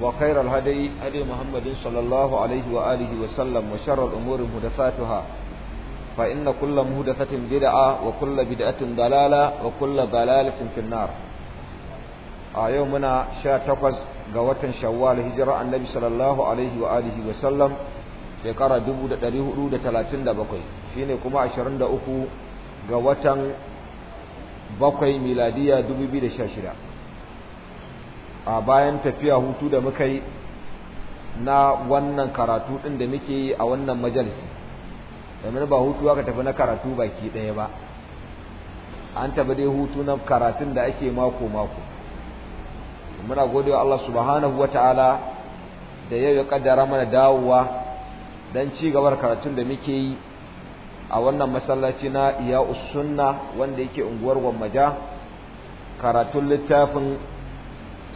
وخير الهدي هدي محمد صلى الله عليه وآله وسلم وشر الأمور مهدفاتها فإن كل مهدفة بدعة وكل بدعة ضلالة وكل ضلالة في النار يومنا شا تقز قوة شوال هجرة النبي صلى الله عليه وآله وسلم shekara 1437 shine kuma 23 ga watan 7 miladiya 2016 a bayan tafiya hutu da muka yi na wannan karatu ɗin da muke yi a wannan majalisi domin ba hutu aka tafi na karatu baki ɗaya ba an tafi dai hutu na karatun da ake mako-mako muna gode wa Allah subhanahu wa ta'ala da yau ya kaddara mana dawowa don ci gabar karatun da muke yi a wannan masallaci na iya usunna wanda yake unguwar gwammaja karatun littafin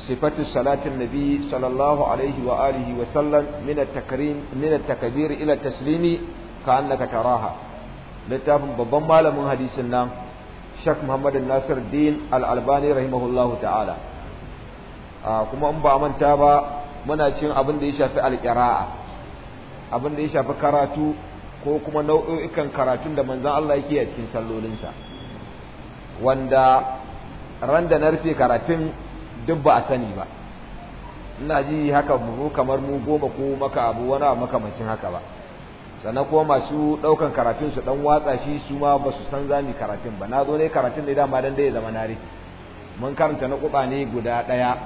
صفة صلاة النبي صلى الله عليه وآله وسلم من التكريم من التكبير إلى التسليم كأنك تراها littafin babban malamin hadisin nan Sheikh Muhammad Nasir Din Al-Albani rahimahullahu ta'ala kuma in ba a manta ba muna cin abin da ya shafi alƙira'a abin da ya shafi karatu ko kuma nau'o'ikan karatun da manzon Allah yake a cikin sallolinsa wanda ran da na rufe karatun duk ba a sani ba ina ji haka mu kamar mu goma ko maka abu wani abu makamancin haka ba sannan kuma masu ɗaukan karatun su ɗan watsa shi su ma ba su san zani karatun ba na zo ne karatun ne dama dan dai zama nare mun karanta na kuɓa ne guda ɗaya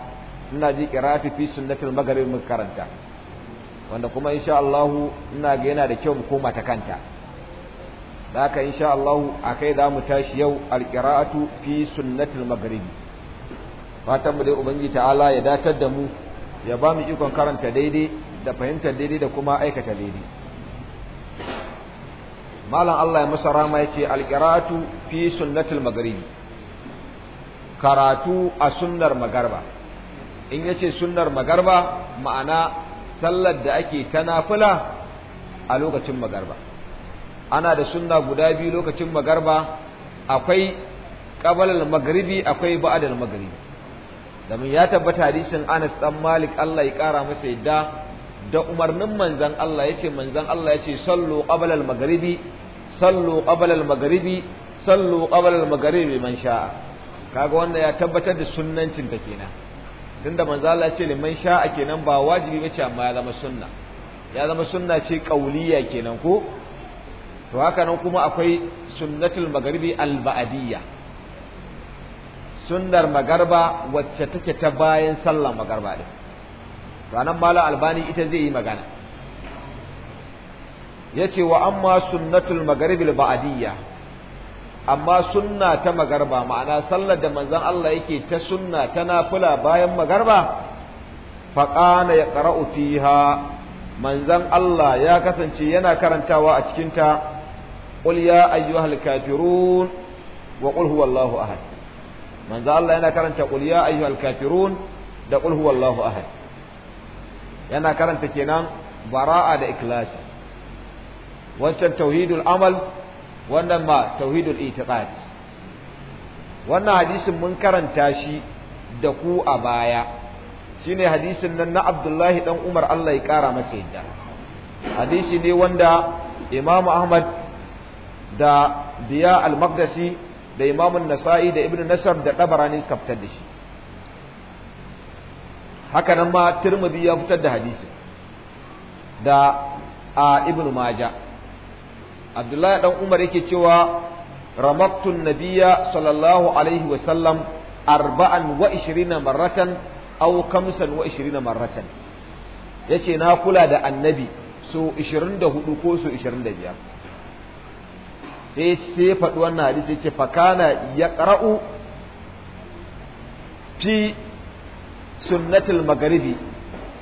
ina ji kirafi fi sunnatul maghrib mun karanta wanda kuma insha Allah ina ga yana da kyau mu koma ta kanta da haka insha Allah akai za mu tashi yau alqira'atu fi sunnatul maghribi fatan mu dai ubangiji ta'ala ya datar da mu ya ba mu ikon karanta daidai da fahimtar daidai da kuma aikata daidai malam Allah ya masa rama yace alqiratu fi sunnatil maghribi karatu a sunnar magarba in yace sunnar magarba ma'ana sallar da ake ta nafila a lokacin magarba ana da sunna guda biyu lokacin magarba akwai qabalal maghribi akwai ba'dal maghribi domin ya tabbata hadisin Anas dan Malik Allah ya kara masa yadda da umarnin manzon Allah yace manzon Allah yace sallu qabla al-maghribi sallu qabla al-maghribi sallu qabla al-maghribi man sha'a kaga wanda ya tabbatar da sunnancin ta kenan tunda manzon Allah yace liman sha'a kenan ba wajibi bace amma ya zama sunna ya zama sunna ce kauliya kenan ko to haka nan kuma akwai sunnatul maghribi al-ba'diyya sunnar magarba wacce take ta bayan sallar magarba din ranar malam albani ita zai yi magana ya ce wa amma sunnatul magaribil ba'adiyya amma sunna ta magarba ma'ana sallar da manzon Allah yake ta sunna tana fula bayan magarba faƙana ya ƙara'u fiha manzon Allah ya kasance yana karantawa a cikinta qul ya ayyuhal kafirun wa qul huwallahu ahad manzo Allah yana karanta qul ya ayyuhal kafirun da qul huwallahu ahad yana karanta kenan bara'a da ikhlasi wancan tauhidul amal wannan ma tauhidul itiqad wannan hadisin mun karanta shi da ku a baya shine hadisin nan na Abdullahi dan Umar Allah ya kara masa yadda hadisi ne wanda Imam Ahmad da Biya al-Maqdisi da imamun nasa'i da ibn nasar da ɗabarani suka fitar da shi haka nan ma turmudi ya fitar da hadisi da a ibn maja abdullahi dan umar yake cewa ramaktun nabiya sallallahu alaihi wa sallam arba'an wa ishirina marratan aw kamsan wa ishirina marratan yace na kula da annabi so ishirin da hudu ko so ishirin da biyar. sai sai faɗi wannan hadisi ce fakana ya ƙara'u fi sunnatul magharibi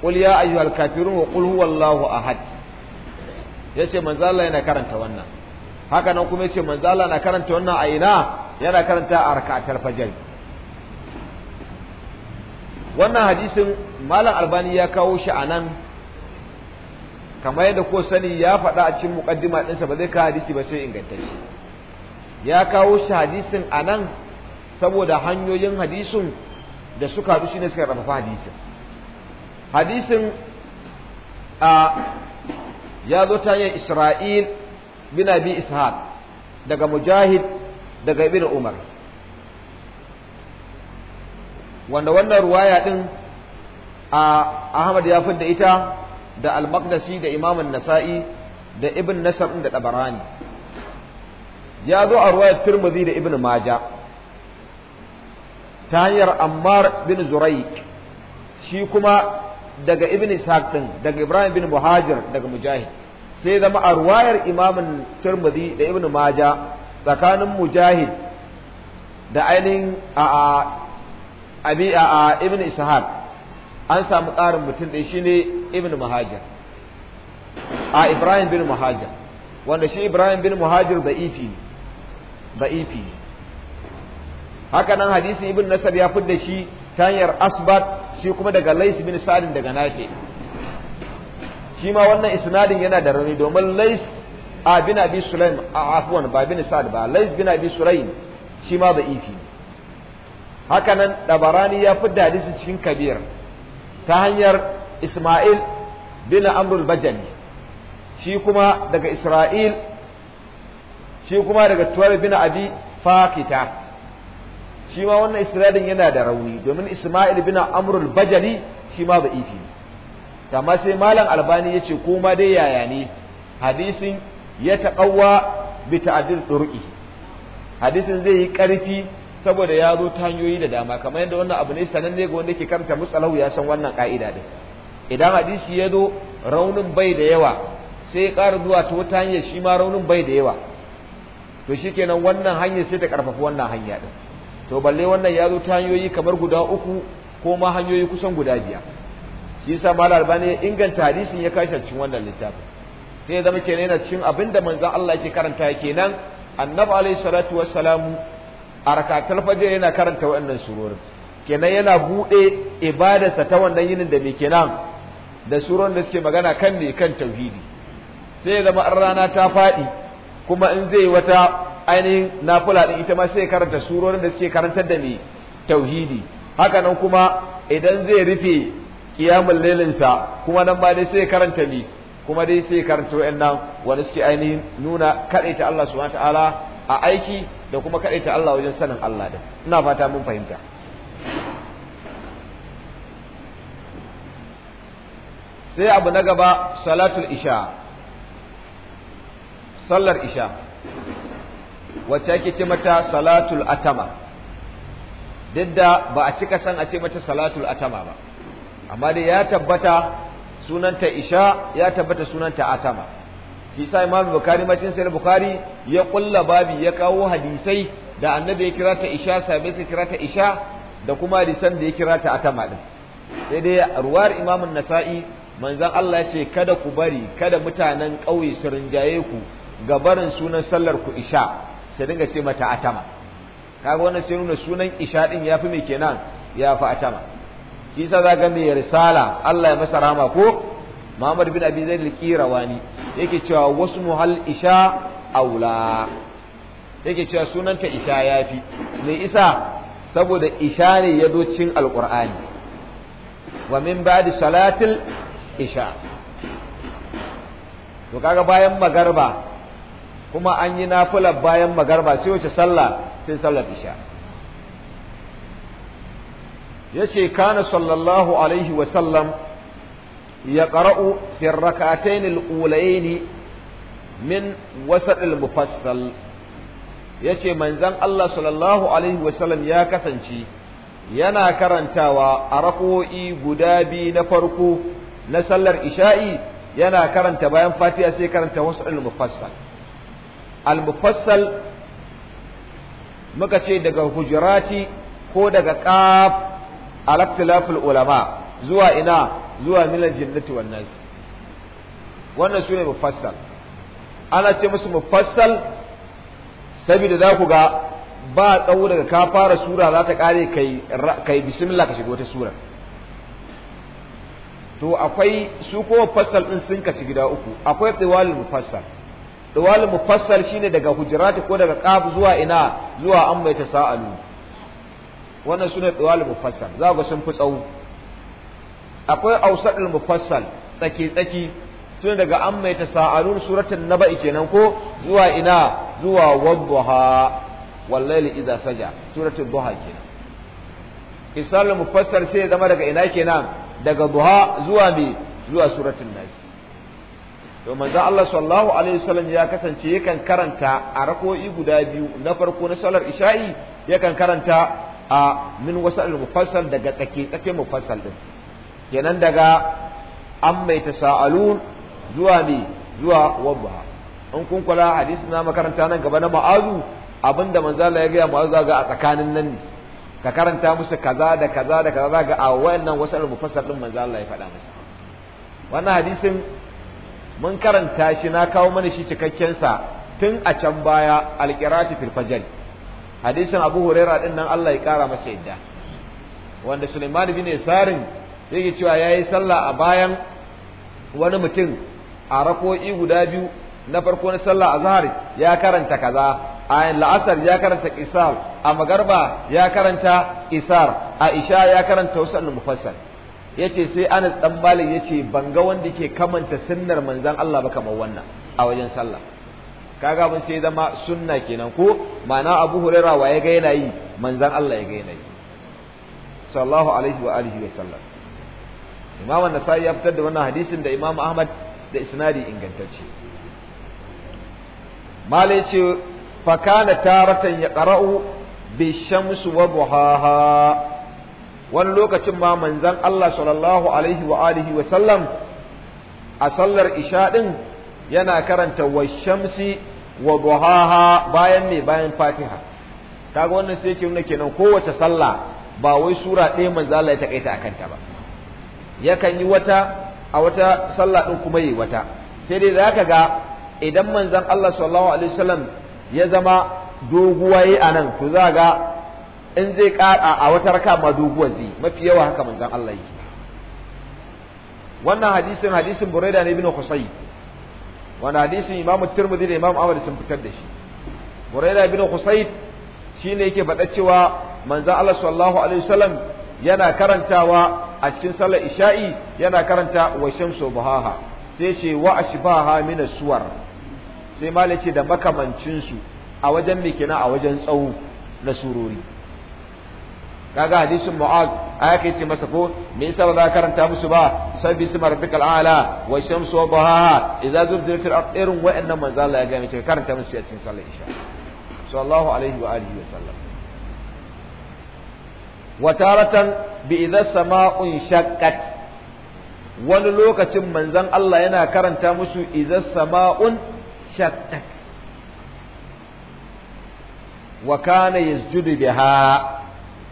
qul ya ayyuhal kafirun wa qul huwallahu ahad yace manzo Allah yana karanta wannan haka nan kuma yace manzo Allah na karanta wannan a ina yana karanta a rak'atar fajr wannan hadisin malam albani ya kawo shi a nan kamar yadda ko sani ya faɗa a cikin muƙaddima ɗinsa ba zai kawo hadisi ba sai ingantacce ya kawo shi hadisin a nan saboda hanyoyin hadisin da suka haɗu shine suka rafafa hadisin hadisin a ya zo ta hanyar Isra'il bin Abi Ishaq daga Mujahid daga Ibn Umar wanda wannan ruwaya ɗin a Ahmad ya fidda ita da al-maqdisi da imam an-nasa'i da ibn nasr da tabarani ya zo a ruwayar tirmidhi da ibn maja ta hanyar ammar bin zurai shi kuma daga ibn ishaq din daga ibrahim bin muhajir daga mujahid sai zama a ruwayar imamin tirmidhi da ibn maja tsakanin mujahid da ainihin a abi a ibn ishaq an samu ƙarin mutum shi shine ibn muhajir a ibrahim bin muhajir wanda shi ibrahim bin muhajir da ifi da ifi haka nan hadisi ibn nasar ya da shi ta hanyar asbat shi kuma daga lais bin sadin daga nafe. shi ma wannan isnadin yana da rani domin lais a bin abi sulaim a afuwan ba bin sad ba lais bin abi sulaim shi ma da ifi haka nan dabarani ya da hadisi cikin kabir ta hanyar Ismail bin Amrul Bajani shi kuma daga Isra'il shi kuma daga Tuwar bin Abi Fakita shi ma wannan Isra'ilin yana da rauni domin Ismail bin Amrul Bajani shi ma ba ifi amma sai malam albani ya ce kuma dai yaya ne hadisin ya taƙawa bi ta'adil turki hadisin zai yi ƙarfi saboda ya zo ta hanyoyi da dama kamar yadda wannan abu ne sananne ga wanda yake karanta musalahu ya san wannan ka'ida din idan hadisi ya zo raunin bai da yawa sai ya ƙara zuwa ta wata hanyar shi ma raunin bai da yawa to shikenan wannan hanyar sai ta karfafi wannan hanya din to balle wannan ya zo ta hanyoyi kamar guda uku ko ma hanyoyi kusan guda biyar shi yasa malam albani ya inganta hadisin ya kashe cikin wannan littafin sai ya zama kenan yana cikin abinda manzon Allah yake karanta kenan annabi alaihi salatu wassalamu a rakatul fajr yana karanta wannan surorin kenan yana bude ibadarsa ta wannan yinin da muke kenan da surorin da suke magana kan ne kan tauhidi sai ya zama rana ta faɗi kuma in zai wata ainihin nafula din ita ma sai karanta surorin da suke karantar da me tauhidi haka nan kuma idan zai rufe kiyamul lailinsa kuma nan ba dai sai karanta ne kuma dai sai karanta wa'annan wani suke ainihin nuna ta Allah subhanahu wa ta'ala a aiki da kuma kaɗai ta Allah wajen sanin Allah da ina fata mun fahimta sai abu na gaba salatul isha sallar isha wacce ake ce mata salatul atama duk da ba a cika san a ce mata salatul atama ba amma dai ya tabbata sunanta isha ya tabbata sunanta atama shi sa imam bukari cin sai bukari ya kulla babi ya kawo hadisai da annabi ya kira ta isha sabai sai kira ta isha da kuma hadisan da ya kira ta atama din sai dai ruwar imam nasa'i manzon Allah ya ce kada ku bari kada mutanen ƙauye su rinjaye ku ga barin sunan sallar ku isha su dinga ce mata atama kaga wannan sai nuna sunan isha din yafi me kenan yafi atama shi za zaka ga ne risala Allah ya masa rama ko Muhammad bin Abi Zaid al-Qirawani yake cewa wasu muhal isha aula yake cewa sunanta isha yafi Me isa saboda isha ne ya zo cin alqur'ani wa min ba'di salatil isha to kaga bayan magarba kuma an yi nafila bayan magarba sai wace sallah sai sallar isha yace kana sallallahu alaihi wa sallam يقرأ في الركعتين الأولين من وسط المفصل yace manzon Allah sallallahu alaihi wasallam ya kasance yana karantawa a rako'i guda biyu na farko na sallar isha'i yana karanta bayan fatiha sai karanta wasu al-mufassal al-mufassal muka ce daga hujurati ko daga qaf al ulama zuwa ina zuwa milan jannati wan nasi. wannan sune mufassal ana ce musu mufassal saboda za ku ga ba tsawo daga ka fara sura za ta kare kai kai bismillah ka shiga wata sura to akwai su ko mufassal din sun kasu gida uku akwai tsiwalul mufassal tsiwalul mufassal shine daga hujurati ko daga qaf zuwa ina zuwa an mai tasa'alu wannan sune tsiwalul mufassal za ku sun fi tsawo akwai ausadul mufassal tsaki tsaki tun daga an mai tasa'alun suratul naba'i kenan ko zuwa ina zuwa wadduha wallahi idza saja suratul duha kenan isalul mufassal sai zama daga ina kenan daga duha zuwa bi zuwa suratul nas to manzo Allah sallallahu alaihi wasallam ya kasance yakan karanta a rako'i guda biyu na farko na salar isha'i yakan karanta a min wasal mufassal daga tsake tsake mufassal din kenan daga an mai tasa'alun zuwa ne zuwa wabba in kun kula hadisi na makaranta nan gaba na ma'azu abinda manzala ya gaya ma'azu zaga a tsakanin nan ne ka karanta musu kaza da kaza da kaza zaga a wayannan wasu al-mufassar din manzala ya faɗa musu wannan hadisin mun karanta shi na kawo mana shi cikakken sa tun a can baya al-qira'atu fil fajr hadisin Abu Hurairah din nan Allah ya kara masa yadda wanda Sulaiman bin Yasarin ke cewa ya yi sallah a bayan wani mutum a rako'i guda biyu na farko na sallah zahar ya karanta kaza a la'asar ya karanta isar a magarba ya karanta isar a isha ya karanta wasu al-mufassal ce sai Anas dan bali yace ban ga wanda ke kamanta sunnar manzan Allah ba kamar wannan a wajen sallah kaga mun sai zama sunna kenan ko ma'ana Abu Hurairah wa ya ga yana yi manzan Allah ya ga yi sallallahu alaihi wa alihi wa sallam imam an-nasa'i ya fitar da wannan hadisin da imam ahmad da isnadi ingantacce malai ce fa kana taratan qara'u bi shamsu wa duhaha wani lokacin ma manzon Allah sallallahu alaihi wa alihi wa sallam a sallar isha din yana karanta wa shamsi wa duhaha bayan ne bayan fatiha kaga wannan sai yake nuna kenan kowace sallah ba wai sura ɗaya manzo Allah ya takaita akan ta ba yakan yi wata a wata sallah ɗin kuma yi wata sai dai za ka ga idan manzon Allah sallallahu alaihi wasallam ya zama doguwa yi nan, to za ga in zai ƙara a wata raka ma doguwar zai mafi yawa haka manzon Allah yi. wannan hadisin hadisin Buraida ne ibn Qusay wannan hadisin Imam Tirmidhi da Imam Ahmad sun fitar da shi Buraida ibn Qusay shine yake faɗa cewa manzon Allah sallallahu alaihi wasallam yana karantawa a cikin sallar isha'i yana karanta wa shamsu buhaha sai ce wa ashbaha min suwar sai mali ce da makamancin su a wajen mikina a wajen tsawo na surori kaga hadisin mu'az aya kai ce masa ko me yasa ba za karanta musu ba sabbi sima rabbikal a'la wa shamsu wa buhaha idza zulzilatil ard irin wa'annan manzo Allah ya ga ce karanta musu a cikin sallar isha sallallahu alaihi wa alihi wa sallam wa taratan bi idza sama'un shaqqat wani lokacin manzan Allah yana karanta musu idza sama'un shaqqat wa kana yasjudu biha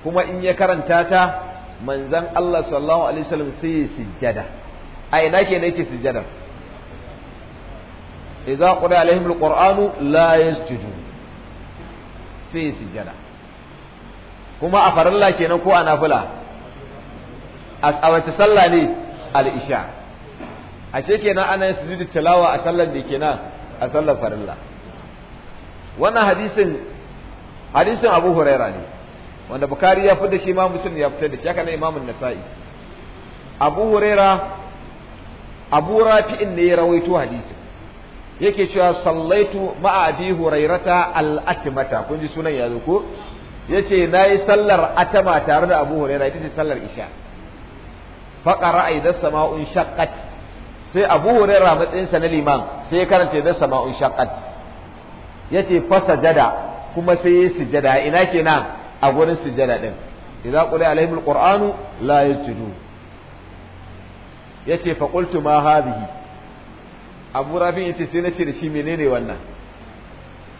kuma in ya karanta ta manzon Allah sallallahu alaihi wasallam sai sujjada a ina ke ne yake sujjada idza qira alaihim alquranu la sai kuma a farilla kenan ko a nafila a wace sallah ne al-isha ce kenan ana yin sujudu tilawa a sallar da kenan a sallar farilla wannan hadisin hadisin Abu Huraira ne wanda Bukhari ya fitar da shi Imam Muslim ya fitar da shi haka na Imam Nasa'i Abu Huraira Abu Rafi'in ne ya rawaito hadisin yake cewa sallaitu ma'a Abi Hurairata al-atmata kun ji sunan ya zo ko yace nayi sallar atama tare da Abu Hurairah ita ce sallar isha fa qara'a da sama'un shaqqat sai Abu Hurairah matsayin sa na liman sai ya karanta da sama'un shaqqat yace fa sajada kuma sai ya sujada ina kenan a gurin sujada din idza qula alaihim alquranu la yajidu yace fa qultu ma hadhihi Abu Rabi yace sai nace da shi menene wannan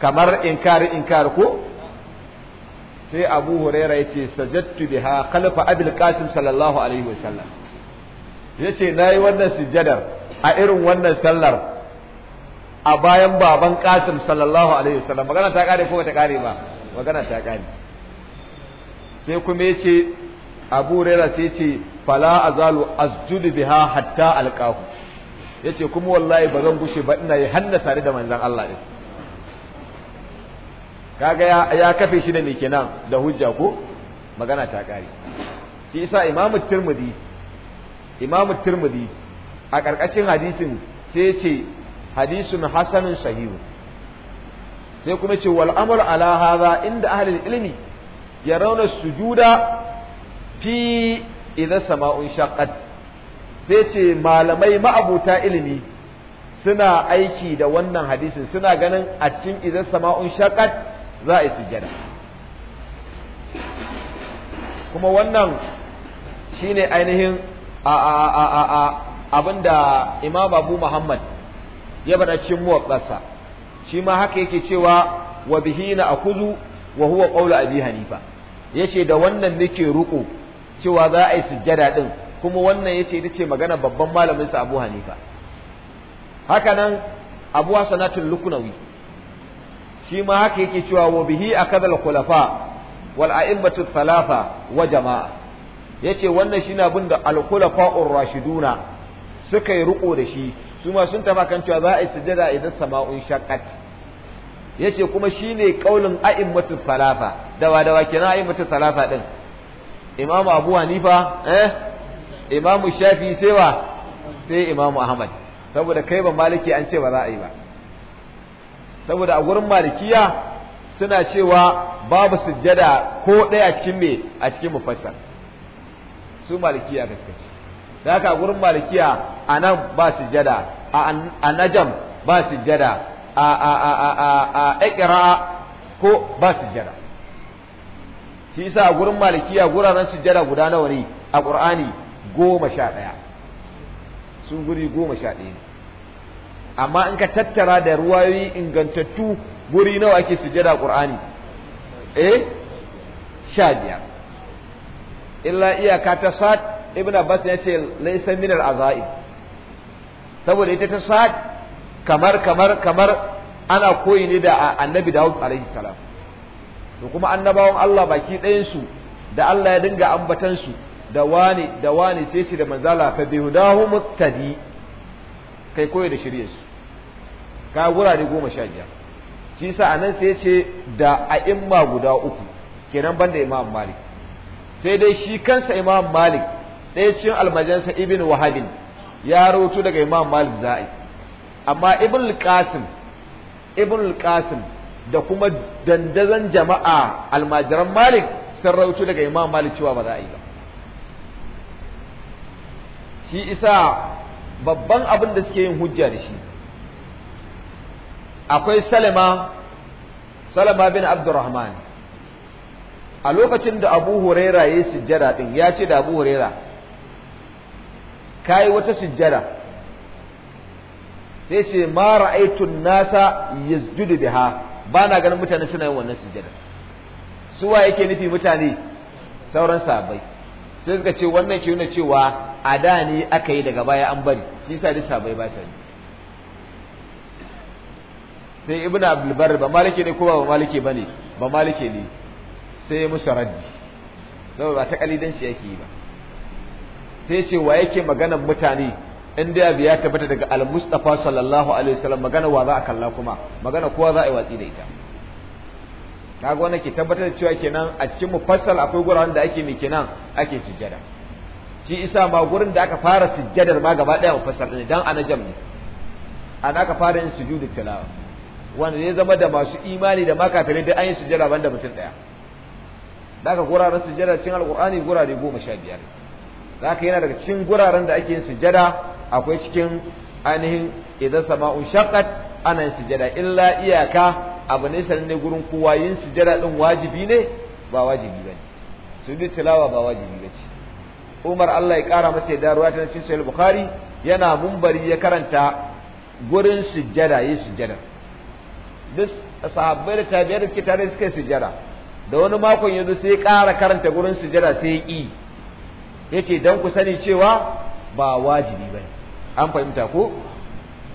kamar inkari inkar ko sai abu huraira yace sajadtu biha khalfa abul qasim sallallahu alaihi wasallam yace nayi wannan sujadar a irin wannan sallar a bayan baban qasim sallallahu alaihi wasallam magana ta kare ko ta kare ba magana ta kare sai kuma yace abu huraira sai yace fala azalu asjudu biha hatta alqahu yace kuma wallahi bazan gushe ba ina yi hanna tare da manzon Allah din kaga ya kafe shi da ne kenan da hujja ko magana ta kare shi isa imamu tirmidhi imamu tirmidhi a karkashin hadisin sai ce hadisun hasanun sahihu sai kuma ce wal amru ala hadha inda ahli ilmi yarawna sujuda fi idza sama'un shaqqat sai ce malamai ma'abuta ilimi suna aiki da wannan hadisin suna ganin a cikin idza sama'un shaqqat za a yi sujjada kuma wannan shine ainihin a a abinda Imam Abu Muhammad ya bada cikin muwaqqasa shi ma haka yake cewa wa bihi na akuzu wa huwa qawlu Abi Hanifa yace da wannan nake ruko cewa za a yi sujjada din kuma wannan yace ita ce magana babban malamin sa Abu Hanifa haka nan Abu Hasanatul Luknawi shi ma haka yake cewa wa bihi akadal khulafa wal a'immatu thalatha wa jama'a yace wannan shine abin da al khulafa'ur rashiduna suka yi riko da shi su ma sun tafa kan cewa za a yi sujada idan sama'un shaqqat yace kuma shine kaulin a'immatu thalatha dawa dawa kenan a'immatu thalatha din imamu abu hanifa eh imamu shafi sai wa sai imamu ahmad saboda kai ba maliki an ce ba za a yi ba saboda a gurin malikiya suna cewa babu sujjada ko ɗaya a cikin me a cikin mufassar su malikiya gaskaci da haka a gurin malikiya a nan ba sujjada a najam ba sujjada a a a a a ko ba sujjada shi yasa a gurin malikiya guraren sujjada guda nawa ne a qur'ani goma sha ɗaya sun guri goma sha ɗaya ne amma in ka tattara da ruwayoyi ingantattu guri nawa ake sujada qur'ani eh sha biyar illa iyaka ta sa'ad ibnu abbas ya ce laysa min al-azaib saboda ita ta sa'ad kamar kamar kamar ana koyi ne da annabi Dawud alaihi salam to kuma annabawan Allah baki ɗayan su da Allah ya dinga ambatan su da wani da wani sai shi da manzala fa bihudahu muttadi kai koyi da shirye ka wurare goma sha biyar shi sa anan sai ce da a imma guda uku kenan banda imam malik sai dai shi kansa imam malik ɗaya cikin almajansa ibn wahabin ya rawaito daga imam malik za'i amma ibn al-qasim ibn al da kuma dandazan jama'a almajiran malik sun rawaito daga imam malik cewa ba za yi ba shi isa babban abin da suke yin hujja da shi akwai salama salama bin abdurrahman a lokacin da abu huraira ya yi sujjada ɗin ya ce da abu huraira ka yi wata sujjada sai ce ma ra'aitun nasa ya yasjudu biha ba na ganin mutane suna yin wannan sujjada suwa yake nufi mutane sauran sabai sai suka ce wannan ke nuna cewa a da ne aka yi daga baya an bari shi sa duk ba sa sai ibn abdulbar ba malike ne kuma ba malike bane ba malike ne sai ya musu raddi zama ba ta shi yake yi ba sai ce wa yake maganan mutane in da biya ya tabbata daga al-mustafa sallallahu alaihi wasallam magana wa za a kalla kuma magana kowa za a yi watsi da ita kaga wannan ke tabbatar da cewa kenan a cikin mufassal akwai guraren da ake mai kenan ake sujjada shi isa ma gurin da aka fara sujjadar ma gaba daya mufassal ne dan anajam ne an aka fara yin sujudu tilawa wanda ya zama da masu imani da makafirai da an yi sujjada banda mutum daya zaka guraren sujjada cikin alqur'ani gurare goma sha biyar ka yana daga cikin guraren da ake yin sujjada akwai cikin ainihin idan sama'un shakat ana yin sujjada illa iyaka abu ne sanin ne gurin kowa yin sujjada din wajibi ne ba wajibi bane bi tilawa ba wajibi bace Umar Allah ya kara masa da ruwa ta cikin Sahih Bukhari yana mumbari ya karanta gurin sujjada yi sujjada duk sahabbai da tabiyar da suke tare suka sujjada da wani makon yanzu sai ya ƙara karanta gurin sujjada sai ya ƙi ya ce don ku sani cewa ba wajibi ba an fahimta ko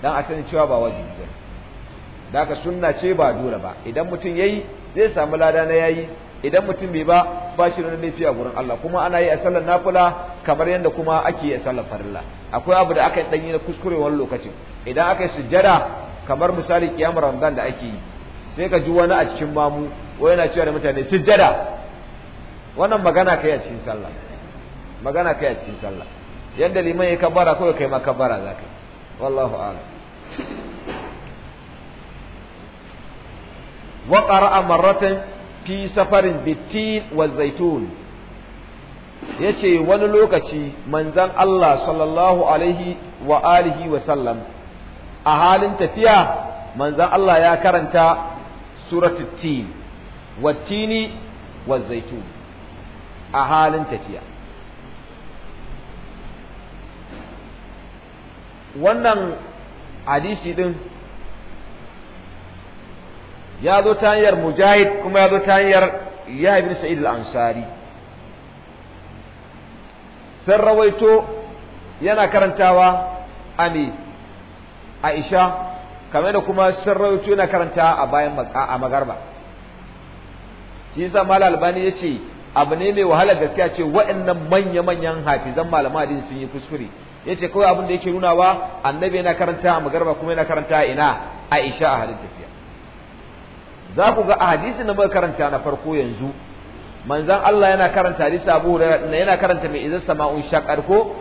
don a sani cewa ba wajibi ba da aka sunna ce ba dole ba idan mutum ya yi zai samu lada na yayi idan mutum bai ba ba shi da laifi a gurin Allah kuma ana yi a sallar nafila kamar yadda kuma ake yi a sallar farilla akwai abu da aka yi danyi na kuskure lokacin idan aka yi sujjada kamar misali kiyamar ramadan da ake yi sai ka ji wani a cikin mamu wai yana cewa da mutane sujjada wannan magana kai a cikin sallah magana kai a cikin sallah yanda liman ya kabbara ko kai ma kabbara za wallahu a'lam wa qara'a marratan fi safarin bitin wa zaitun yace wani lokaci manzon Allah sallallahu alaihi wa alihi wa sallam a halin tafiya manzon Allah ya karanta suratul tin wattini wazaitun a halin tafiya wannan hadisi din ya zo ta hanyar mujahid kuma ya zo ta hanyar ya ibn sa'id al-ansari sun rawaito yana karantawa a ne Aisha kamar da kuma sun na karanta a bayan a magarba shi yasa Malam Albani ce abu ne mai wahalar gaskiya ce waɗannan manya-manyan hafizan malama sun yi kuskure ce kawai abin da yake nunawa annabi yana karanta a magarba kuma yana karanta ina Aisha a halin tafiya za ku ga a hadisin da muka karanta na farko yanzu manzan Allah yana karanta hadisi Abu Hurairah yana karanta mai idan sama'un shaqar ko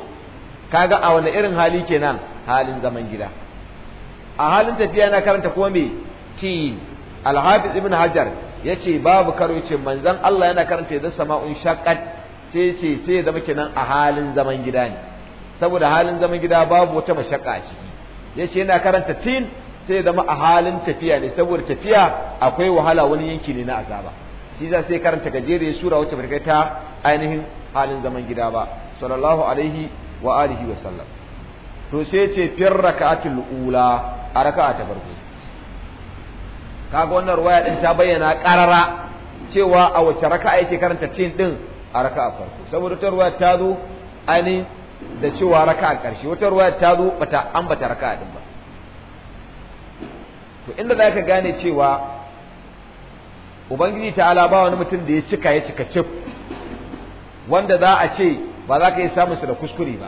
kaga a wani irin hali kenan halin zaman gida a halin tafiya na karanta ko me ti al-hafiz ibn hajar yace babu karo yace manzon Allah yana karanta da sama'un shaqqat sai yace sai ya zama kenan a halin zaman gida ne saboda halin zaman gida babu wata mashakka a ciki yace yana karanta tin sai ya zama a halin tafiya ne saboda tafiya akwai wahala wani yanki ne na azaba shi za sai karanta gajere sura wacce barkai ta ainihin halin zaman gida ba sallallahu alaihi wa alihi wa sallam to sai ce fir raka'atul ula a raka'a ta farko kaga wannan ruwaya din ta bayyana karara cewa a wace raka'a yake karanta cin din a raka'a farko saboda ta ruwaya ta zo ani da cewa raka'a karshe wata ruwaya ta zo bata ambata raka'a din ba to inda zaka gane cewa ubangiji ta'ala ba wani mutum da ya cika ya cika cif wanda za a ce ba za ka yi samun su da kuskure ba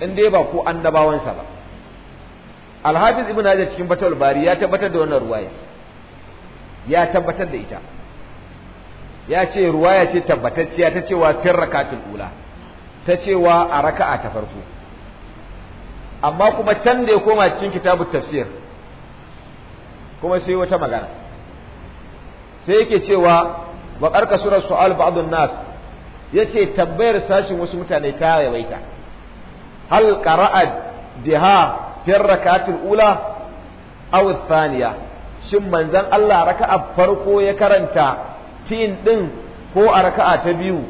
in dai ba ko annabawansa ba alhafiz ibn hajar cikin batul bari ya tabbatar da wannan ruwaya ya tabbatar da ita ya ce ruwaya ce tabbatacciya ta cewa fir rakatul ula ta cewa a raka'a ta farko amma kuma can da ya koma cikin kitabut tafsir kuma sai wata magana sai yake cewa wa karka surar su'al ba'dun nas yace tambayar sashin wasu mutane ta yawaita hal qara'at biha fi rakatil ula aw thaniya shin manzon Allah raka'a farko ya karanta tin ɗin ko a raka'a ta biyu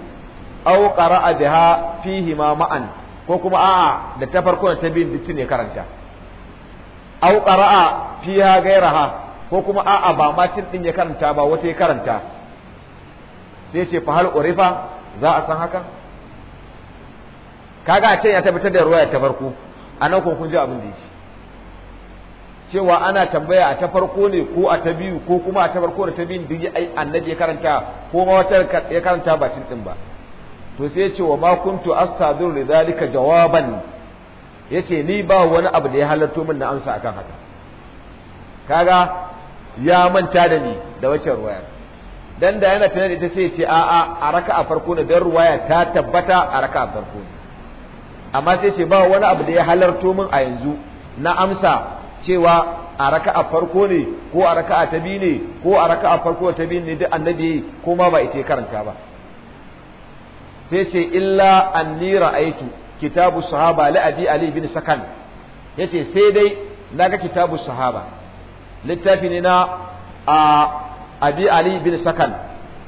aw qara'a biha fihi ma ma'an ko kuma a'a da ta farko da ta biyu duk ya karanta aw qara'a fiha gairaha ko kuma a'a ba matin ɗin ya karanta ba wata ya karanta sai ce fa hal urifa za a san haka kaga a ce ya tabbatar da ruwaya ta farko anan ko kun ji abin da yake cewa ana tambaya a ta farko ne ko a ta biyu ko kuma a ta farko da ta biyun duk ai annabi ya karanta ko ma wata ya karanta ba cin din ba to sai ya ce wa ma kuntu astadur zalika jawaban yace ni ba wani abu da ya halarto min na amsa akan haka kaga ya manta da ni da wacce ruwaya dan da yana tunani ita sai ya ce a'a a a farko ne dan ruwaya ta tabbata a a farko ne amma sai ce ba wani abu da ya halarto min a yanzu na amsa cewa a raka'a farko ne ko a raka'a ta biyu ne ko a raka'a farko ta biyu ne duk annabi ko ma ba ita karanta ba sai ce illa anni ra'aitu kitabu sahaba li abi ali bin sakan yace sai dai naga kitabu sahaba littafi ne na a abi ali bin sakan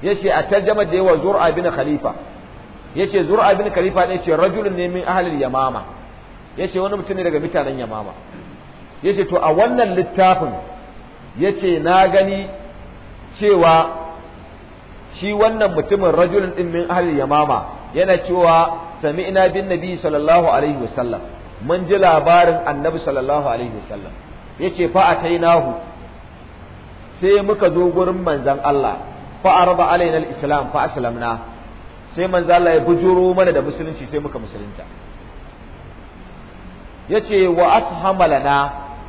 yace a tarjama da yawa zur'a bin khalifa yace zur'a bin khalifa ne yace rajulun ne min ahlil yamama yace wani mutum ne daga mutanen yamama yace to a wannan littafin yace na gani cewa shi wannan mutumin rajulun din min ahlil yamama yana cewa sami'na bin nabi sallallahu alaihi wasallam mun ji labarin annabi sallallahu alaihi wasallam yace fa atainahu sai muka zo gurin manzon Allah fa arba alaina al-islam fa aslamna sai manzo Allah ya bujuro mana da musulunci sai muka musulunta yace wa ashama lana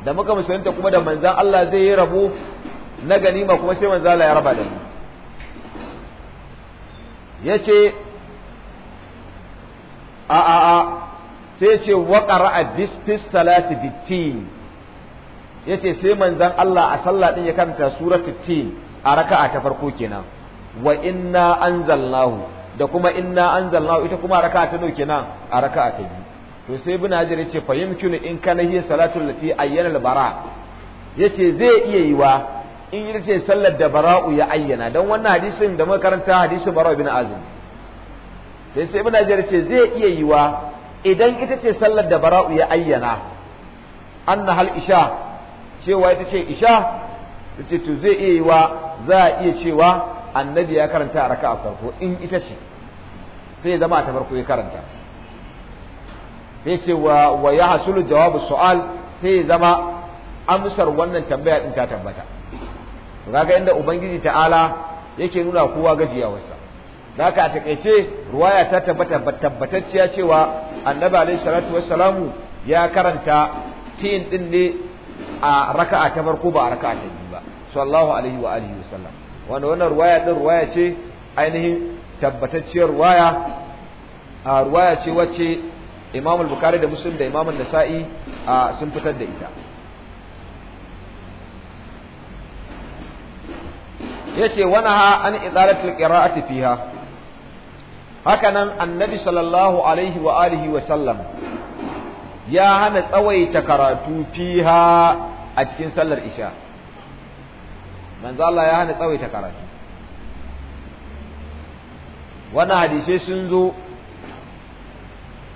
da muka musulunta kuma da manzan Allah zai yi rabo na ganima kuma sai manzo Allah ya raba da mu yace a a a sai yace wa qara'a bis salati bitin yace sai manzan Allah a sallah din ya kanta suratul tin a raka'a ta farko kenan wa inna anzalnahu da kuma inna anzalna ita kuma raka'a ta nau nan a raka'a ta biyu to sai ibn hajar yace fa yumkinu in kana hiya salatul lati ayyana al-bara yace zai iya yiwa in yace sallar da bara'u ya ayyana dan wannan hadisin da muka karanta hadisin bara'u ibn azim sai sai ibn hajar yace zai iya yiwa idan ita ce sallar da bara'u ya ayyana anna hal isha cewa ita ce isha yace to zai iya yiwa za a iya cewa annabi ya karanta a raka'a farko in ita ce sai zama a farko ya karanta sai ce wa ya hasulu jawabu su'al sai zama amsar wannan tambaya din ta tabbata to kaga inda ubangiji ta'ala yake nuna kowa gajiyawarsa da haka a takaice ruwaya ta tabbata tabbatacciya cewa annabi alaihi salatu wassalamu ya karanta tin din ne a raka'a ta farko ba a raka'a ta biyu ba sallallahu alaihi wa alihi wasallam wanda wannan ruwaya din ruwaya ce ainihin tabbatacciyar ruwaya a ruwaya ce wacce imamul Bukhari da Muslim da Imam Nasa'i sun fitar da ita yace wanaha an izalatul qira'ati fiha hakanan annabi sallallahu alaihi wa alihi wa sallam ya hana tsawaita karatu fiha a cikin sallar isha manzo Allah ya hana tsawaita karatu wannan hadisai sun zo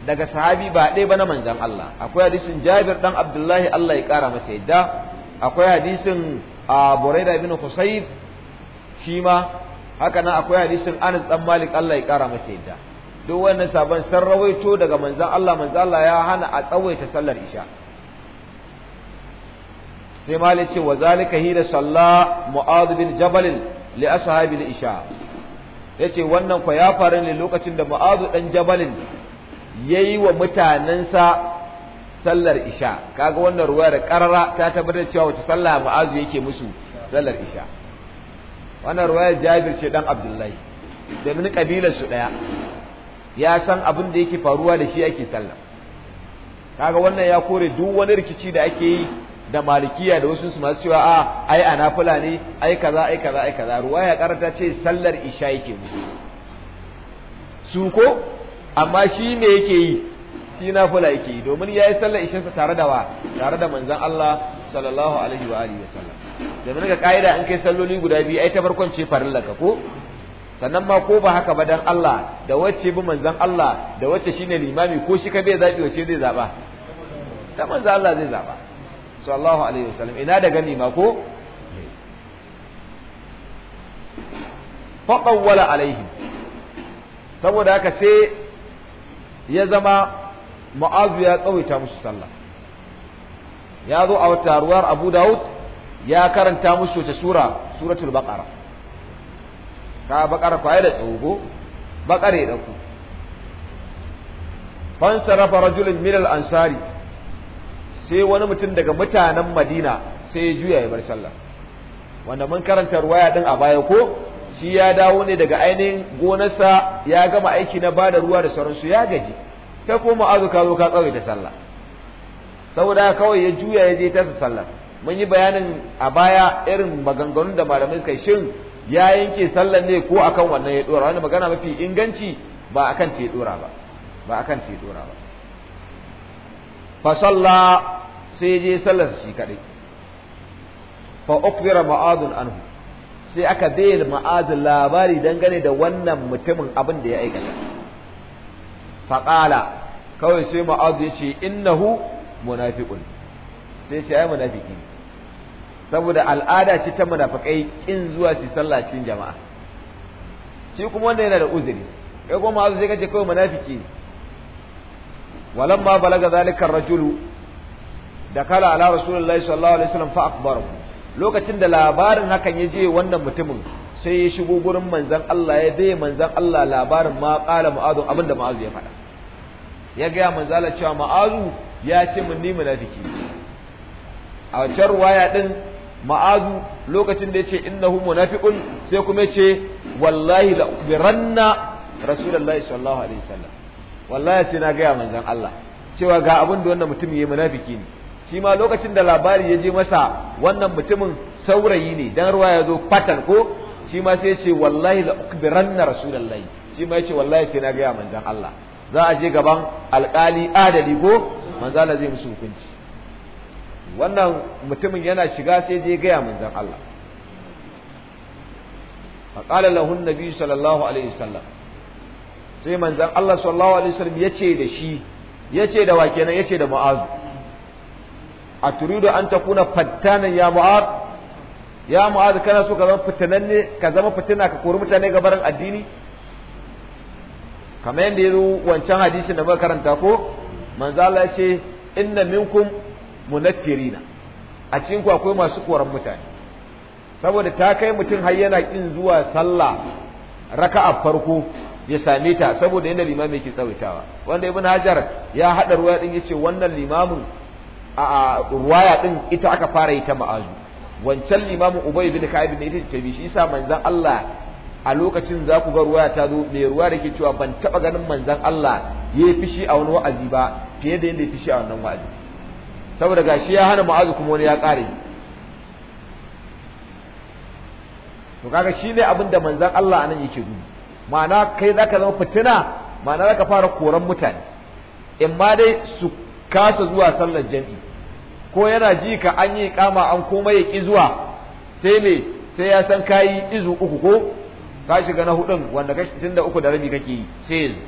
daga sahabi ba ɗaya ba na manzan Allah akwai hadisin Jabir dan Abdullahi Allah ya kara masa yadda akwai hadisin a Buraida bin Husayb shi ma haka nan akwai hadisin Anas dan Malik Allah ya kara masa yadda duk wannan sabon sun rawaito daga manzan Allah manzan Allah ya hana a tsawaita sallar isha sai malik ce wa zalika hina salla mu'adh bin jabal li ashabil isha yace wannan kwa ya faru ne lokacin da mu'adh dan jabalin yayi wa mutanansa sallar isha kaga wannan ruwayar karara ta tabbatar cewa wace sallah mu'adh yake musu sallar isha wannan ruwayar jabir ce dan abdullahi domin kabilar su daya ya san abin da yake faruwa da shi ake sallah kaga wannan ya kore duk wani rikici da ake yi da malikiya da wasu masu cewa ah, a ai ana fulani ne ai kaza ai kaza ai kaza ruwaya karanta ce sallar isha yake musu su ko amma shi me yake yi shi fula yake yi domin ya yi sallar sa tare da wa tare da manzon Allah sallallahu alaihi wa alihi wasallam mun ga kaida an kai salloli guda biyu ai ta farkon ce farillaka ko sannan ma ko ba haka ba dan Allah da wacce bi manzon Allah da wacce shine limami ko shi ka bai zabi wacce zai zaba ta manzon Allah zai zaba sallallahu alaihi wasallam ina da gani ma ko qawwala alaihim saboda haka sai ya zama mu'azu ya tsawaita musu sallah ya zo a wata ruwar abu dawud ya karanta musu wata sura suratul baqara ka baqara kwaye da tsogo baqare da ku fan sarafa rajulun min al ansari sai wani mutum daga mutanen madina sai ya juya ya bar sallah wanda mun karanta ruwaya din a baya ko shi ya dawo ne daga ainihin gonarsa ya gama aiki na bada ruwa da sauransu ya gaji ta koma ma'azu ka zo ka tsare ta sallah saboda kawai ya juya ya je tasa sallah mun yi bayanin a baya irin maganganun da malamai suka shin ya yanke sallar ne ko akan wannan ya dora wani magana mafi inganci ba akan ce dora ba ba akan ce dora ba fa sai je sallar shi kadai fa ukbira ma'adun anhu sai aka bayar ma'adun labari dangane da wannan mutumin abin da ya aikata fa qala kawai sai ma'ad ya ce innahu munafiqun sai ce ai munafiki saboda al'ada ce ta munafikai kin zuwa su sallah cikin jama'a shi kuma wanda yana da uzuri kai kuma ma'ad sai kace kawai munafiki ne Walan ma balaga zalika rajulu da kala ala rasulullahi sallallahu alaihi wasallam fa akbarahu lokacin da labarin hakan ya je wannan mutumin sai ya shigo gurin manzan Allah ya bai manzan Allah labarin ma kala mu'azu abin da mu'azu ya faɗa ya gaya manzala cewa mu'azu ya ce mun ni munafiki a wancan ruwaya din ma'azu lokacin da ya ce innahu munafiqun sai kuma ya ce wallahi la ubiranna rasulullahi sallallahu alaihi wallahi sai na gaya manzon Allah cewa ga abin da wannan mutumin yayi munafiki ne shi ma lokacin da labari ya je masa wannan mutumin saurayi ne dan ruwa ya zo fatan ko shi ma sai ya ce wallahi la ukbiranna rasulullahi shi ma ya ce wallahi sai na gaya manzon Allah za a je gaban alkali adali ko manzon Allah zai musu hukunci wannan mutumin yana shiga sai je gaya manzon Allah فقال له النبي صلى الله عليه وسلم sai Manzan Allah sallallahu alaihi wasallam yace da shi yace da wa kenan yace da Mu'az Turidu an takuna fattanan ya Mu'az ya Mu'az kana so ka zama ne ka zama fitina ka kori mutane ga barin addini kamar yadda yazo wancan hadisin da muka karanta ko manzan Allah yace inna minkum munaffirina a cikin ku akwai masu koran mutane saboda ta kai mutum har yana kin zuwa sallah raka'a farko ya same ta saboda yadda limamin yake tsawaitawa wanda ibn hajar ya hada ruwaya din yace wannan limamin a ruwaya din ita aka fara yi ta ma'azu wancan limamin ubay bin ka'ib ne ita ta bi shi sa manzon Allah a lokacin za ku ga ruwaya ta zo mai ruwa da ke cewa ban taba ganin manzon Allah yayi fishi a wani wa'azi ba fiye da yadda ya fishi a wannan wa'azi saboda gashi ya hana ma'azu kuma wani ya kare to kaga shi ne abin da manzon Allah anan yake gudu ma'ana kai ka zama fitina ma'ana za ka fara koran mutane in ma dai su kasa zuwa sallar jami'i ko yana ji ka an yi kama an koma ya ki zuwa sai me sai ya san kayi izu uku ko ka shiga na hudun wanda ka tunda uku da rabi kake yi sai yanzu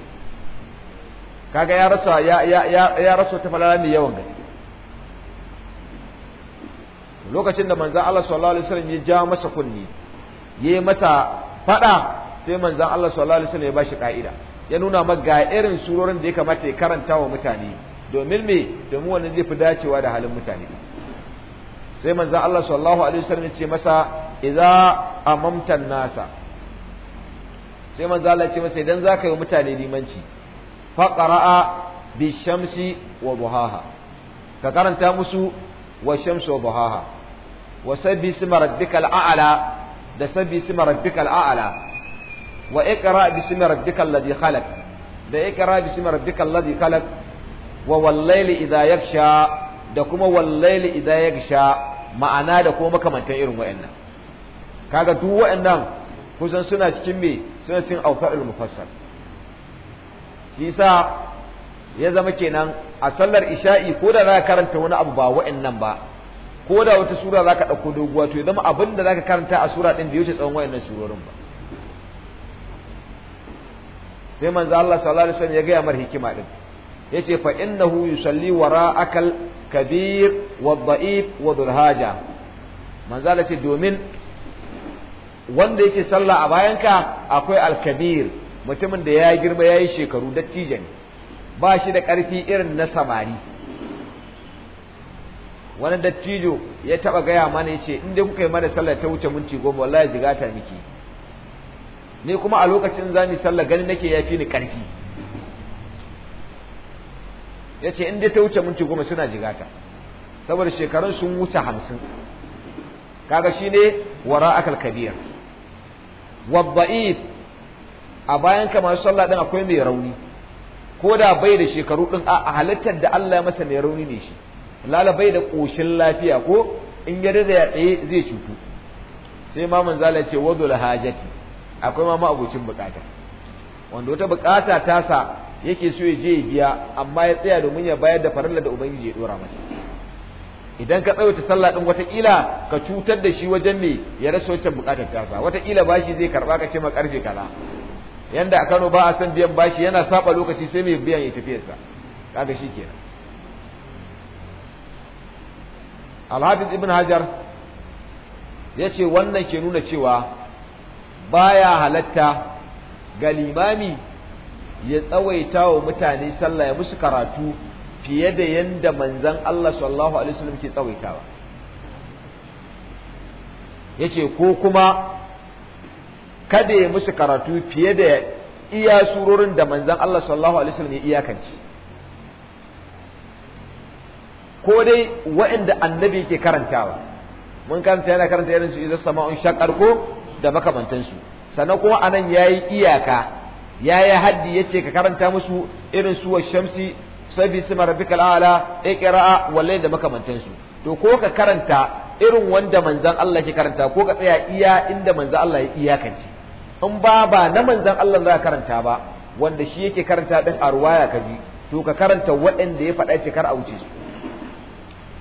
kaga ya rasa ya ya ya rasa ta falala mai yawan gaske lokacin da manzon Allah sallallahu alaihi wasallam ya ja masa kunni yayi masa fada sai manzon Allah sallallahu alaihi wasallam ya bashi ka'ida ya nuna ma ga irin surorin da ya kamata ya karanta wa mutane domin me domin wannan zai fi dacewa da halin mutane sai manzon Allah sallallahu alaihi wasallam ya ce masa idza amamtan nasa sai manzon Allah ya ce masa idan zaka yi mutane limanci bi shamsi wa duhaha ka karanta musu wa shamsi wa duhaha wa sabbi sima rabbikal a'la da sabbi sima rabbikal a'la wa iqra bismi rabbikal ladhi khalaq da iqra bismi rabbikal ladhi khalaq wa wallayli idha yaghsha da kuma wallayli idha yaghsha ma'ana da kuma makamantan irin wayannan kaga duk wayannan kusan suna cikin me suna cikin awqa'il mufassal shi yasa ya zama kenan a sallar isha'i ko da za ka karanta wani abu ba wayannan ba ko da wata sura zaka dauko doguwa to ya zama abin da zaka karanta a sura din da yace tsawon wayannan surorin ba sai manzo Allah sallallahu alaihi wasallam ya gaya mar hikima din yace fa innahu yusalli akal kabir wa dha'if wa dhulhaja manzo Allah ce domin wanda yake sallah a bayanka akwai alkabir mutumin da ya girma ya yi shekaru dattijan ba shi da karfi irin na samari wani dattijo ya taɓa gaya mana ya ce in kuka yi mana sallah ta wuce minti goma wallahi jigata miki ne kuma a lokacin zani sallah ganin nake ya fi ni ƙarfi ya ce in ta wuce minti goma suna jigata saboda shekarun sun wuce hamsin kaga shi ne wara akal kabir wabba'i a bayan kamar masu sallah ɗin akwai mai rauni ko da bai da shekaru ɗin a halittar da Allah masa mai rauni ne shi lala bai da ƙoshin lafiya ko in ya da ya tsaye zai cutu sai mamun zala ce wadu hajati akwai ma ma'abucin bukata wanda wata bukata tasa yake so ya je ya biya amma ya tsaya domin ya bayar da farilla da ubangiji ya dora masa idan ka tsayota sallah din wataƙila ka cutar da shi wajen ne ya rasa wancan bukatar tasa wataƙila bashi zai karba ka ce ma karfe kaza yanda a Kano ba a san biyan bashi yana saba lokaci sai mai biyan ya tafi tafiyarsa kaga shikenan Al-Hafiz Ibn Hajar ya ce wannan ke nuna cewa baya halatta ga limami ya tsawaita wa mutane sallah ya musu karatu fiye da yanda manzan Allah sallallahu alaihi wasallam ke tsawaitawa yace ko kuma kada ya musu karatu fiye da iya surorin da manzan Allah sallallahu alaihi wasallam ya iyakance ko dai waɗanda annabi ke karantawa mun karanta yana karanta irin su idan sama'un shaqar ko da makamantansu sannan kuma anan yayi iyaka yayi haddi yace ka karanta musu irin wa shamsi sabi sima rabbikal a'la iqra wallahi da makamantansu to ko ka karanta irin wanda manzan Allah ke karanta ko ka tsaya iya inda manzan Allah ya iyakance in ba ba na manzan Allah za ka karanta ba wanda shi yake karanta din a ruwaya ka ji to ka karanta waɗanda ya faɗa ce kar a wuce su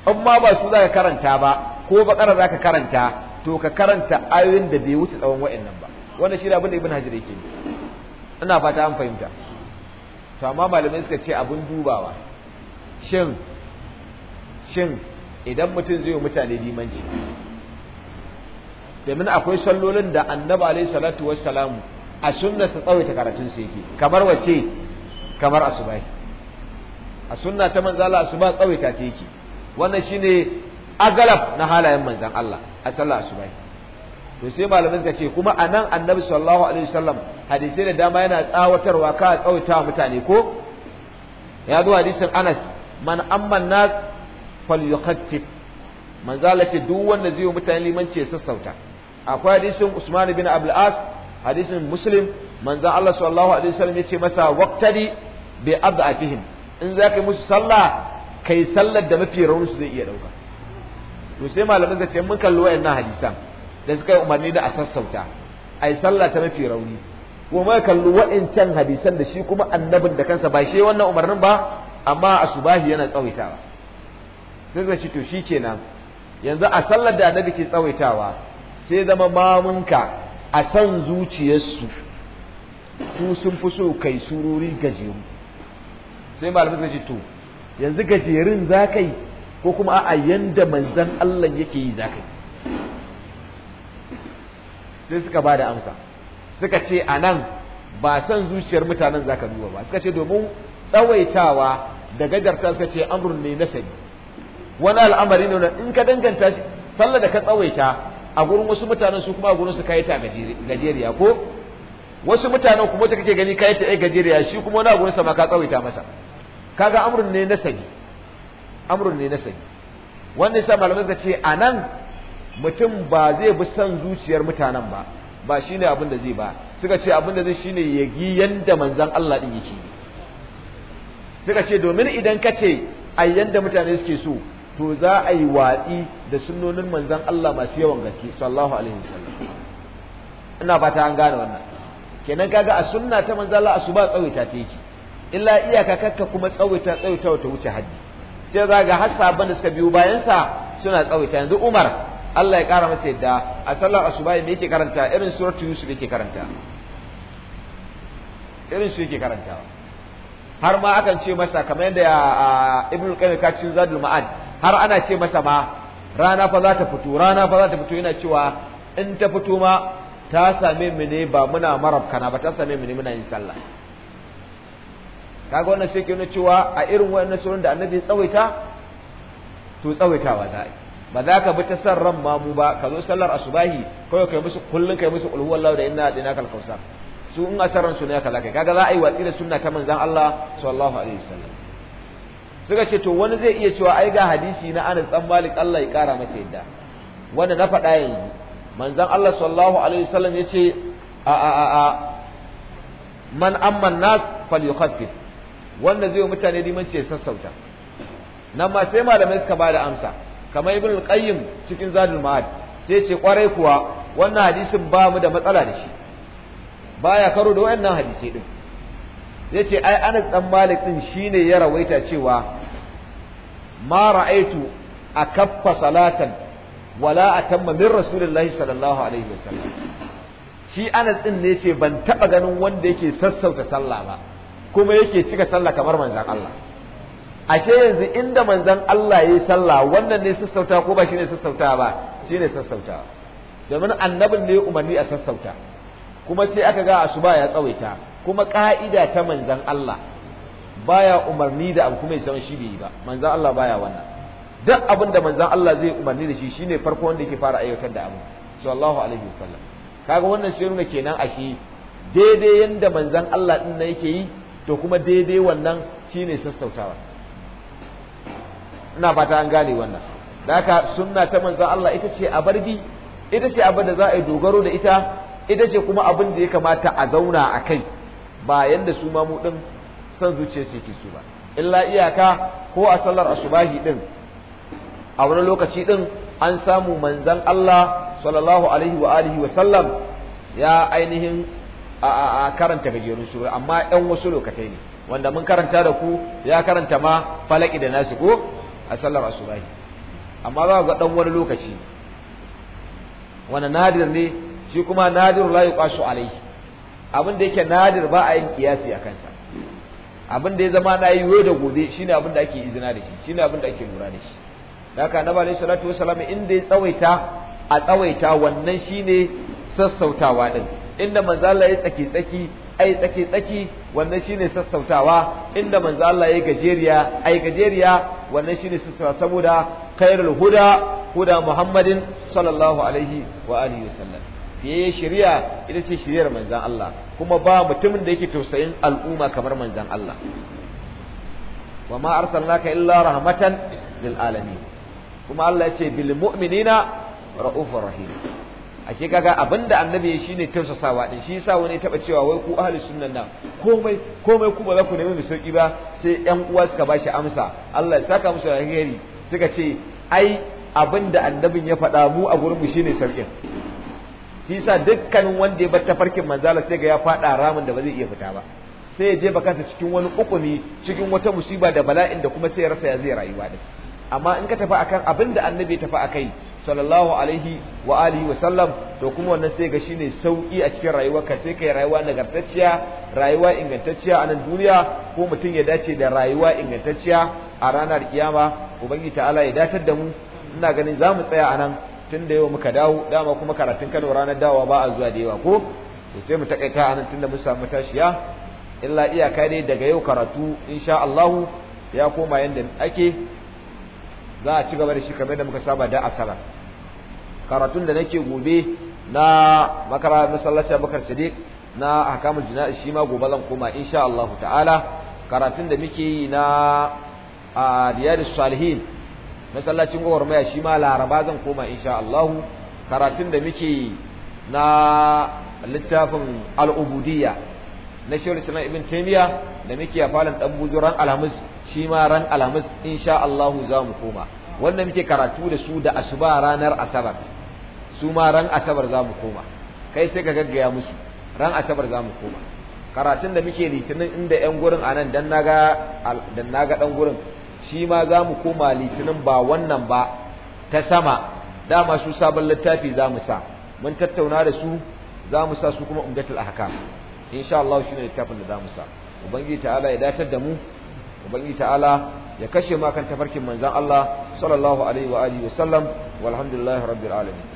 in ma ba su za ka karanta ba ko bakara za ka karanta to ka karanta ayoyin da bai wuce tsawon wa'annan ba wannan shi abin da ibn hajar yake yi ina fata an fahimta to amma malamai suka ce abin dubawa shin shin idan mutum zai yi mutane limanci domin akwai sallolin da annabi alaihi salatu wassalamu a sunna ta tsawaita karatun su yake kamar wace kamar asubai a sunna ta manzala asuba tsawaita ta yake wannan shine agalab na halayen manzan Allah a sallah asubai to sai malamin suka ce kuma anan annabi sallallahu alaihi wasallam hadisi da dama yana tsawatarwa ka tsawaita mutane ko ya zo hadisin Anas man amman nas falyukhaffif manzo Allah ce duk wanda zai yi mutane limanci ya sassauta akwai hadisin Usman bin Abdul As hadisin Muslim manzo Allah sallallahu alaihi wasallam yace masa waqtadi bi adafihim in zaka musu sallah kai sallar da mafi raunin su zai iya dauka to sai malamin zai ce mun kalli wayannan hadisan da suka yi umarni da a sassauta ai sallah ta mafi rauni ko ma kalli wayancan hadisan da shi kuma annabin da kansa ba shi wannan umarnin ba amma a subahi yana tsawaitawa sai zai ce to shikenan yanzu a sallar da annabi ke tsawaitawa sai zama mamunka a san zuciyarsu su sun fi so kai sururi gajeru sai malamin zai ce to yanzu gajerun za ka ko kuma a yanda manzan Allah yake yi zaka yi sai suka ba da amsa suka ce a nan ba son zuciyar mutanen zaka duba ba suka ce domin tsawaitawa da gajarta suka ce amrun ne na sabi wani al'amari ne in ka danganta sallar da ka tsawaita a gurin wasu mutanen su kuma a gurin su kayi ta gajeriya ko wasu mutanen kuma ta kake gani kayi ta gajeriya shi kuma wani a gurin sa ma ka tsawaita masa kaga amrun ne na sabi amrun ne na sayi wannan yasa malamai suka ce a nan mutum ba zai bi son zuciyar mutanen ba ba shine abin da zai ba suka ce abin da zai shine ya gi yanda manzon Allah din yake suka ce domin idan ka ce a yanda mutane suke so to za a yi watsi da sunnonin manzon Allah masu yawan gaske sallallahu alaihi wasallam ina fata an gane wannan kenan kaga a sunna ta manzon Allah ba tsawaita ta yake illa iyaka kakka kuma tsawaita tsawaita ta wuce haddi sai za ga har sabon da suka biyo bayansa suna tsawaita yanzu Umar Allah ya kara masa yadda a sallar asuba me yake karanta irin suratu Yusuf yake karanta irin su yake karanta. har ma akan ce masa kamar yadda Ibn Qayyim ka cikin Zadul Ma'ad har ana ce masa ma rana fa za ta fito rana fa za ta fito yana cewa in ta fito ma ta same mu ne ba muna marabkana ba ta same mu ne muna yin sallah kaga wannan sai ke nuna cewa a irin wannan surun da annabi ya tsawaita to tsawaitawa wa za'i ba za ka bi ta san ran mamu ba ka zo sallar asubahi kawai kai musu kullun kai musu kulhu wallahu da inna adina kal kausar su in asaran su ne kala kai kaga za a yi watsi da sunna ta manzan Allah sallallahu alaihi wasallam suka ce to wani zai iya cewa ai ga hadisi na Anas dan Malik Allah ya kara masa yadda wanda na faɗa yanzu manzan Allah sallallahu alaihi wasallam yace a a a man amman nas falyukhaffif wanda zai mutane limanci ya sassauta nan ma sai malamai suka da amsa kamar ibn al-qayyim cikin zadul ma'ad sai ce kwarai kuwa wannan hadisin ba mu da matsala da shi baya karo da wayannan hadisi din yace ai Anas dan Malik din shine ya rawaita cewa ma ra'aitu akaffa salatan wala atamma min rasulillahi sallallahu alaihi wasallam shi Anas din ne yace ban taba ganin wanda yake sassauta sallah ba kuma yake cika sallah kamar manzan Allah ashe yanzu inda manzan Allah ya yi sallah wannan ne sassauta ko ba shi ne sassauta ba shi ne sassauta domin annabin ne umarni a sassauta kuma sai aka ga a ba ya tsawaita kuma ka'ida ta manzan Allah baya umarni da abu kuma ya san shi bai yi ba manzan Allah baya wannan duk abin da manzan Allah zai umarni da shi shine farko wanda yake fara ayyukan da abu sallallahu alaihi wasallam kaga wannan shi nuna kenan ashe daidai yanda manzan Allah din nan yake yi to kuma daidai wannan shine sassautawa ina fata an gane wannan da haka sunna ta manzon Allah ita ce a barbi ita ce abin za a yi dogaro da ita ita ce kuma abin da ya kamata a zauna a kai ba yanda su ma mu din san zuciya ce ke su ba illa iyaka ko a sallar asubahi ɗin a wani lokaci ɗin an samu manzon Allah sallallahu alaihi wa alihi wa sallam ya ainihin a karanta gajerun sura amma ɗan wasu lokacai ne wanda mun karanta da ku ya karanta ma falaki da nasu ko a sallar asubahi amma za ga ɗan wani lokaci wani nadir ne shi kuma nadir la yuqasu alaihi abin da yake nadir ba a yin kiyasi a kansa abin da ya zama na yi da gobe shine abin da ake izina da shi shine abin da ake lura da shi haka annabi alaihi salatu wasallam inda ya tsawaita a tsawaita wannan shine sassautawa din inda manzo Allah ya tsaki tsaki ai tsaki tsaki wannan shine sassautawa inda manzo Allah ya gajeriya ai gajeriya wannan shine sassautawa saboda khairul huda huda Muhammadin sallallahu alaihi wa alihi wasallam fiye shari'a ita ce shari'ar manzon Allah kuma ba mutumin da yake tausayin al'umma kamar manzon Allah wa ma arsalnaka illa rahmatan lil alamin kuma Allah ya ce bil mu'minina ra'ufur rahim ashe kaga abinda annabi ya shine tausasawa din shi yasa wani taba cewa wai ku ahli sunnan nan komai komai kuma za ku nemi sauki ba sai yan uwa suka ba shi amsa Allah ya saka musu alheri suka ce ai abinda annabin ya faɗa mu a gurin mu shine saukin shi yasa dukkanin wanda ya bar tafarkin manzala sai ga ya faɗa ramin da ba zai iya fita ba sai ya je bakansa cikin wani ukumi cikin wata musiba da bala'in da kuma sai ya rasa ya zai rayuwa din amma in ka tafi akan abinda annabi ya tafi akai sallallahu alaihi wa alihi wa sallam to kuma wannan sai ga shine sauki a cikin rayuwarka sai kai rayuwa nagartacciya rayuwa ingantacciya a nan duniya ko mutum ya dace da rayuwa ingantacciya a ranar kiyama ubangi ta'ala ya datar da mu ina ganin zamu tsaya anan tun da yau muka dawo dama kuma karatun Kano ranar dawa ba a zuwa da yawa ko sai mu takaita anan tunda mu samu tashiya illa iyaka dai daga yau karatu insha Allah ya koma yanda ake za a ci gaba da shi kamar da muka saba da asalar karatun da nake gobe na makara masallaci Abubakar Sadiq na ahkamul jina'i shi ma gobe zan koma insha Allah ta'ala karatun da muke yi na a riyadus salihin masallacin gwagwarmaya shi ma laraba zan koma insha Allah karatun da muke yi na littafin al'ubudiyya na shirin sunan ibn taymiya da muke a falon dan bujuran alhamis shi ma ran alhamis insha Allah za mu koma wanda muke karatu da su da asuba ranar asabar su ma ran asabar za mu koma kai sai ka gaggaya musu ran asabar za mu koma karatun da muke litinin inda yan gurin a nan dan naga dan ɗan gurin shi ma za mu koma litinin ba wannan ba ta sama dama su sabon littafi za mu sa mun tattauna da su za mu sa su kuma umdatul ahkam insha Allah ne littafin da za mu sa ubangiji ta'ala ya datar da mu ubangiji ta'ala ya kashe ma kan tafarkin manzon Allah sallallahu alaihi wa alihi wa sallam walhamdulillahi rabbil alamin